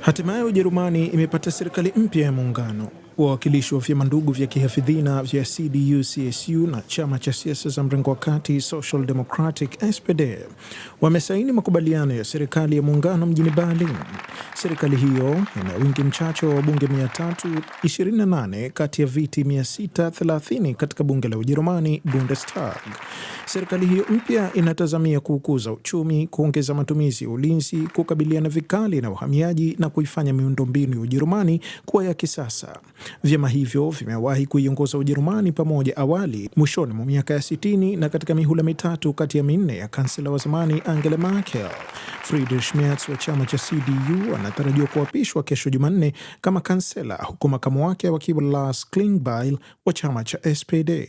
Hatimaye Ujerumani imepata serikali mpya ya muungano. Wawakilishi wa vyama ndugu vya kihafidhina vya CDU CSU na chama cha siasa za mrengo wa kati Social Democratic SPD wamesaini makubaliano ya serikali ya muungano mjini Berlin. Serikali hiyo ina wingi mchache wa wabunge 328 kati ya viti 630 katika bunge la Ujerumani, Bundestag. Serikali hiyo mpya inatazamia kuukuza uchumi, kuongeza matumizi ya ulinzi, kukabiliana vikali na uhamiaji na kuifanya miundombinu ya Ujerumani kuwa ya kisasa. Vyama hivyo vimewahi kuiongoza Ujerumani pamoja awali mwishoni mwa miaka ya 60 na katika mihula mitatu kati ya minne ya kansela wa zamani Angela Merkel. Friedrich Merz wa chama cha CDU ana anatarajiwa kuapishwa kesho Jumanne kama kansela huku makamu wake wa Lars Klingbeil wa chama cha SPD